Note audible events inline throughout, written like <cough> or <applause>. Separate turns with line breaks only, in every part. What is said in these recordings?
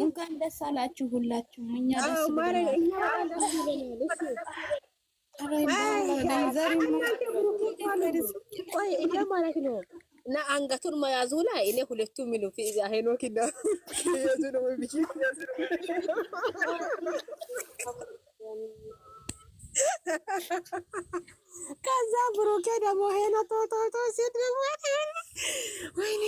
እንኳን ደስ አላችሁ ሁላችሁም። እኛ ደስ
ብሎናል። ማለት ነው እና አንገቱን መያዙ ላይ እኔ ሁለቱ ሚሉት ሄኖክ ከዛ ብሩኬ ደግሞ ሄኖ ቶቶቶ ሲል ወይኔ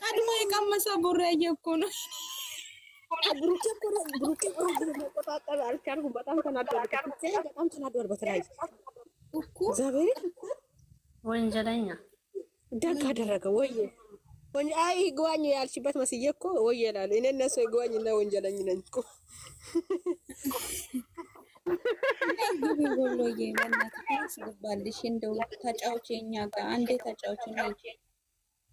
ቀድሞ የቀመሰ ጉራዬ እኮ ነው። ብሩኬ እኮ ብሩኬ መቆጣጠር አልቻልኩም። በጣም ተናዷል፣ በጣም ተናዷል። በተለያዩ ወንጀለኛ ደግ አደረገ ወይ አይ ይግባኝ ያልሽበት መስዬ እኮ ወይ ይላሉ። እኔ እነሱ ይግባኝ እና ወንጀለኝ ነኝ እኮ
ወሎዬ፣ በእናትሽ እንደው ተጫውቼ እኛ ጋር አንዴ ተጫውቼ ነኝ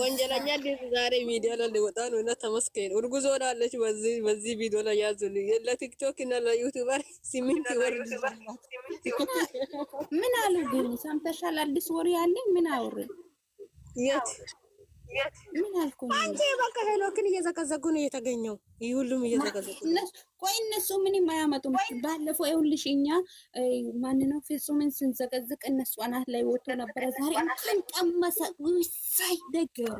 ወንጀለኛ ልጅ ዛሬ ሚዲያ ላይ ሊወጣ ነው እና ተመስገን እርጉዝ ሆናለች። በዚህ በዚህ ቪዲዮ ላይ ያዙልኝ። ለቲክቶክ እና ለዩቲዩበር ሲሚንት ወርድ
ምን አሉ ግን ሰምተሻል? አዲስ ወሬ ያለኝ ምን አወሩ የት ምን አልኩኝ?
አንቺ በቃ ሄኖክን እየዘቀዘጉ ነው የተገኘው። ሁሉም እየዘቀዘጉ
ቆይ፣ እነሱ ምንም አያመጡም። ባለፈው ይኸውልሽ፣ እኛ ማን ፍጹምን ስንዘቀዝቅ እነሱ አናት ላይ ወጥቶ ነበረ። ዛሬ እንኳን ቀመሰ። ሳይ ደገሩ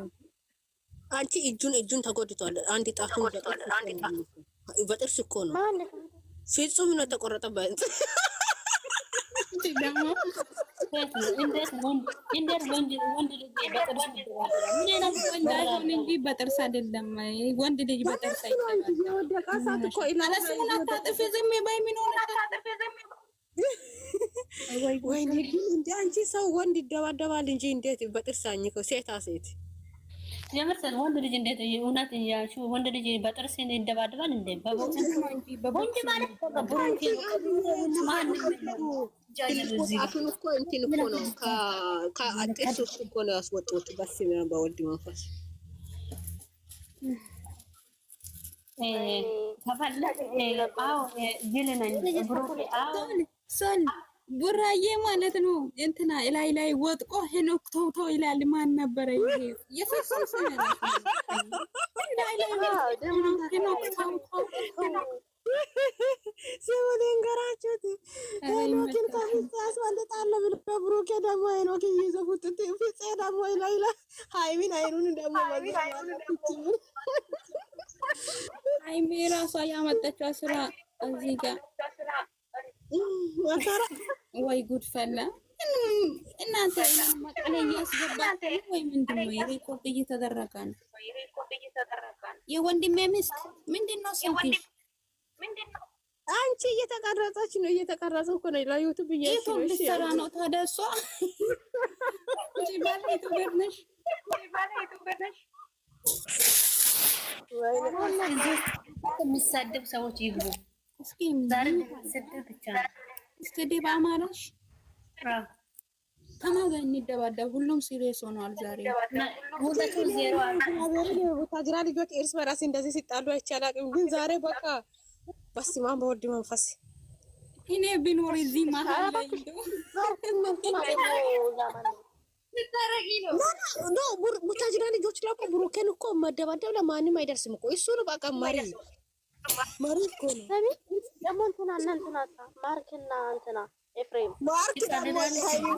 አንቺ እጁን እጁን ተጎድቷል። አንድ ጣቱን በጥርስ እኮ ነው ፍጹም ነው የተቆረጠበት
ደግሞ <laughs> እንዴት ወንድ ወንድ ልጅ በጥርስ ምን አይነት ወንድ አይሆን እንጂ በጥርስ አይደለም። ወንድ ልጅ በጥርስ
አይሆን የወደቀ ሰዓት እኮ ስሙን አታጥፊ፣ ዝም በይ። ምን ሆነ ወይ ግን እንደ አንቺ ሰው ወንድ ይደባደባል እንጂ እንዴት በጥርስ አኝከው ሴታ ሴት
የምርሰል ወንድ ልጅ እንዴት እውነት ያሹ ወንድ ልጅ በጥርስ ይደባደባል እንዴ? በቦክስ ወንድ ማለት
ጣቱን እኮ እንትን እኮ ነው ከአጤሱ እኮ ነው ያስወጡት። በስመ አብ በወልድ መንፈስ
ቡራዬ ማለት ነው እንትና ላይ ላይ ወጥቆ ሄኖክ ተውቶ ይላል። ማን ነበረ ይሄ
ሲሙን ንገራችሁት ሄኖክን ከፊት ያስበልጣለ ብሎ ብሩኬ ደግሞ ሄኖክ እይዞ ፉጥት ፊት ደግሞ ይላይላ ሀይሚን አይኑን ደግሞ
ሀይሚ ራሷ ያመጠችው ስራ እዚህ ጋር ወይ ጉድ ፈላ። እናንተ መቀለ እያስገባት ወይ ምንድን ነው? ሪኮርድ እየተደረገ ነው። የወንድሜ ሚስት ምንድን ነው ስልክሽ? አንቺ እየተቀረጸች ነው እየተቀረጸ እኮ ነው ለዩቱብ እየሰራ ነው። ታዲያ እሷ <laughs> የሚሳደብ ሰዎች ይግቡ። ስድብ አማራሽ ከማን ጋር እንደባደብ? ሁሉም ሲሪየስ ሆኗል ዛሬ። ሁለቱ ዜሮ
ታጅራ ልጆች እርስ በራሴ እንደዚህ ሲጣሉ አይቻላቅም፣ ግን ዛሬ በቃ በስመ አብ በወልድ መንፈስ
እኔ ብኖር እዚህ መሀል
ቡታጅራ ልጆች ብሩኬን እኮ መደባደብ ለማንም አይደርስም እኮ እሱ ነው። በቃ እኮ ነው።
ደግሞ እንትና እና እንትና ማርክና እንትና
ማርክ ደግሞ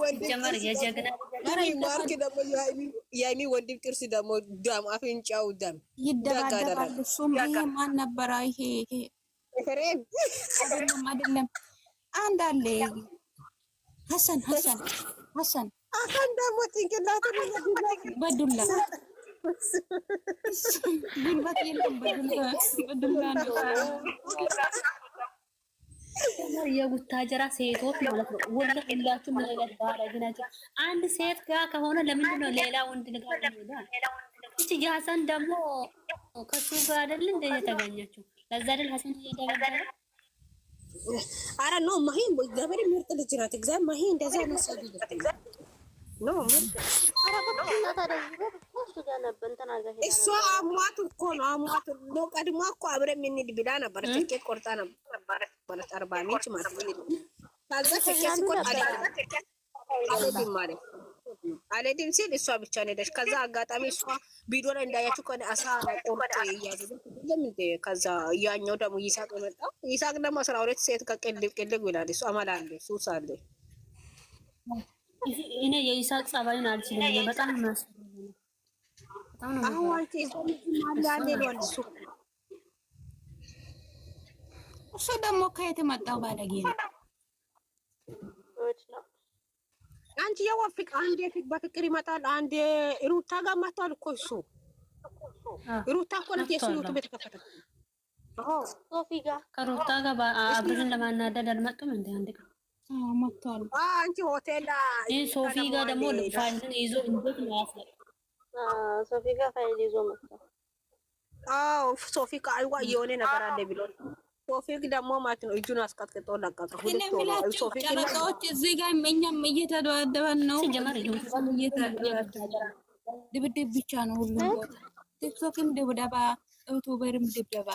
ወንድም ጥርስ ደግሞ ደም አፍንጫው ደም
እሱም ይሄ ማን ነበረ ይሄ አይደለም አይደለም። ሀሰን ሀሰን ሀሰን
አሁን ደግሞ ጭንቅላት በዱላ
ጉልበት የለም። የቡታጀራ ሴቶች ማለት ነው። ሁላችሁ ምን አይነት አንድ ሴት ጋር ከሆነ ለምንድን ነው ሌላ ወንድ ጋር እቺ ሀሰን ደግሞ ከሱ ጋር አይደል እንደ የተገኘችው ለዛ አይደል ሀሰን እየደበደበ
አረ ኖ ማሂን እግዚአብሔር ምርጥ ልጅ ናት። እግዚአብሔር ማሂን እንደዛ ነው ሰው ልጅ ኖ ምርጥ እሷ አሟት እኮ ነው አሟት ቀድሞ እኮ የምንሄድ ብላ ነበር። ትኬት ቆርጣ ነበር ማለት አርባ ምንጭ ማለት ነው። ታዛ ትኬት ቆርጣ ነበር። አለ ቢማሪ አልሄድም ሲል እሷ ብቻ ነው ሄደች። ከዛ አጋጣሚ እሷ ቪዲዮ ላይ እንዳያችሁ ከሆነ አሳ ቆርጦ እያዘለም ከዛ ያኛው ደግሞ ይሳቅ መጣ። ይሳቅ ደግሞ አስራ ሁለት ሴት ከቅልብ ቅልብ ይላል። እሱ አመል አለ ሱስ አለ።
እኔ የይሳቅ ጸባይን አልችልም። በጣም ናስ እሱ ደግሞ ከየት መጣው ባለጌ ነው።
አንቺ የወፍቅ አንዴ በፍቅር ይመጣል፣ አንዴ ሩታ ጋር መጥቷል እኮ እሱ። ሩታ እኮ ነት የሱ ዩቱብ የተከፈተ
ሶፊ ጋር ከሩታ ጋር አብርን ለማናደድ አልመጡም። እንደ አንድ ቀን
መጥቷል። አንቺ ሆቴል
ሶፊ ጋር ደግሞ ፋይልን ይዞ እንዴት ነው ያስ ሶፊ ጋር ፋይል ይዞ መጥቷል።
አዎ ሶፊ ከአይዋ እየሆነ ነገር አለ ብሎ ቶፊቅ ደግሞ ማለት ነው እጁን አስቀጥቅጦ ለቀቀ።
ጨረቃዎች እዚህ ጋር እኛም እየተደባደበን ነው። ድብድብ ብቻ ነው ሁሉ ቲክቶክም ድብደባ፣ ዩቱበርም ድብደባ።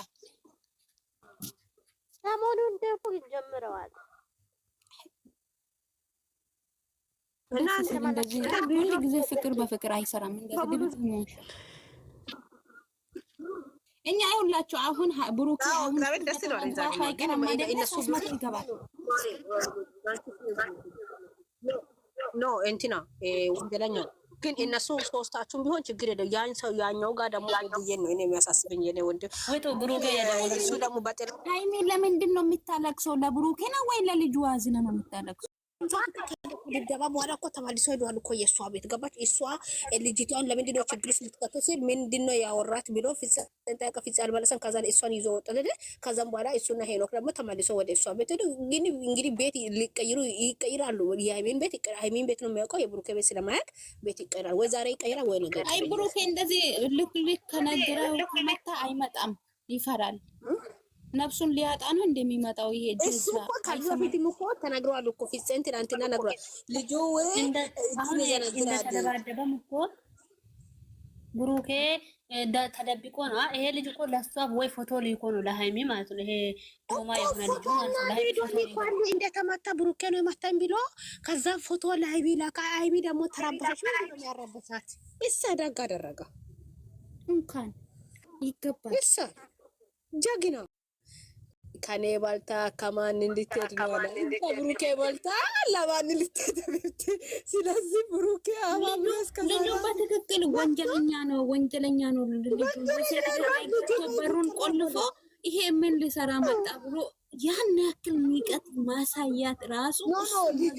ሰሞኑን ደቡ ጀምረዋል እና ሁልጊዜ ፍቅር በፍቅር አይሰራም። እንደዚህ ድብድብ ነው። እኛ ይኸውላችሁ አሁን ብሩክ
ኖ እንትና ወንጀለኛ ግን እነሱ ሶስታችሁም ቢሆን ችግር የለው። ያን ሰው ያኛው ጋር ደግሞ ብዬ ነው እኔ የሚያሳስበኝ የኔ ወንድ እሱ ደግሞ በጤና
ሃይሚ፣ ለምንድን ነው የሚታለቅሰው? ለብሩኬ ነው ወይ ለልጁ ዋዝነ ነው የሚታለቅሰው?
ድብደባ በኋላ እኮ ተማልሶ ሄደዋል እኮ የእሷ ቤት ገባች። እሷ ልጅቷን ለምንድን ነው ችግር ውስጥ ልትቀጥል ሲል ምንድን ነው ያወራት ብሎ ጠቀ ፊ አልመለሰም። ከዛ እሷን ይዞ ወጣ። ከዛም በኋላ እሱና ሄኖክ ደግሞ ተማልሶ ወደ እሷ ቤት ሄዱ። ግን እንግዲህ ቤት ሊቀይሩ ይቀይራሉ። የሃይሚን ቤት ሃይሚን ቤት ነው የሚያውቀው። የብሩኬ ቤት ስለማያውቅ ቤት ይቀይራል። ወይ ዛሬ ይቀይራል ወይ
ነገር። አይ ብሩኬ እንደዚህ ልክ ልክ ከነገረው ከመታ አይመጣም፣ ይፈራል ነፍሱን ሊያጣ ነው እንደሚመጣው። ይሄ እሱ
እኮ ከዚህ በፊትም እኮ ተናግረዋል እኮ ፊትሴን ትናንትና ነግሯል። ልጁ
እንደተደባደበም እኮ ብሩኬ ተደብቆ ነው። ይሄ ልጅ እኮ ለሷ ወይ ፎቶ ልኮ ነው ለሀይሚ ማለት ነው። ይሄ ዶማ የሆነ ልጅ
ማለት እንደተመታ ብሩኬ ነው የመታኝ ብሎ ከዛ ፎቶ ለሀይሚ ላከ። ሀይሚ ደግሞ ተራበሰች ነው ያረበሳት። እሳ ደግ አደረገ።
እንኳን ይገባል
እሳ ጀግና ከኔ በልታ ከማን እንድትሄድ ነው? ከብሩኬ በልታ ለማን ልትሄድ? ስለዚህ ብሩኬ
ልጁ በትክክል ወንጀለኛ ነው፣ ወንጀለኛ ነው። በሩን ቆልፎ ይሄ ምን ልሰራ መጣ ብሎ ያን ያክል ሚቀት ማሳያት ራሱ
ልጁ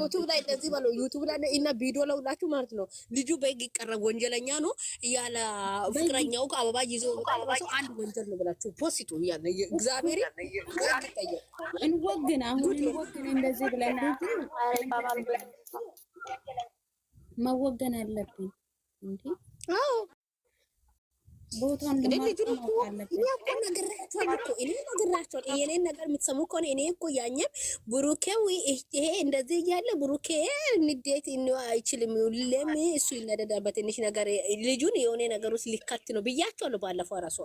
ዩቱብ ላይ እንደዚህ በለው። ዩቱብ ላይ እና ቪዲዮ ለውላችሁ ማለት ነው። ልጁ በህግ ይቀረብ ወንጀለኛ ነው እያለ ፍቅረኛው አበባ ይዞ አንድ ወንጀል ነው ብላችሁ ፖስቱ ያለ እግዚአብሔር
እንወግን አሁን እንወግን እንደዚህ ብለን መወገን አለብን እንዴ?
አዎ የኔን ነገር የምትሰሙ ከሆነ እኔ እኮ ያኛም ብሩኬው ይሄ እንደዚህ እያለ ብሩኬ ንዴት አይችልም። ሁሌም እሱ ይነደዳል በትንሽ ነገር ልጁን የሆነ ነገር ውስጥ ሊከት ነው ብያቸው ባለፈው ራሷ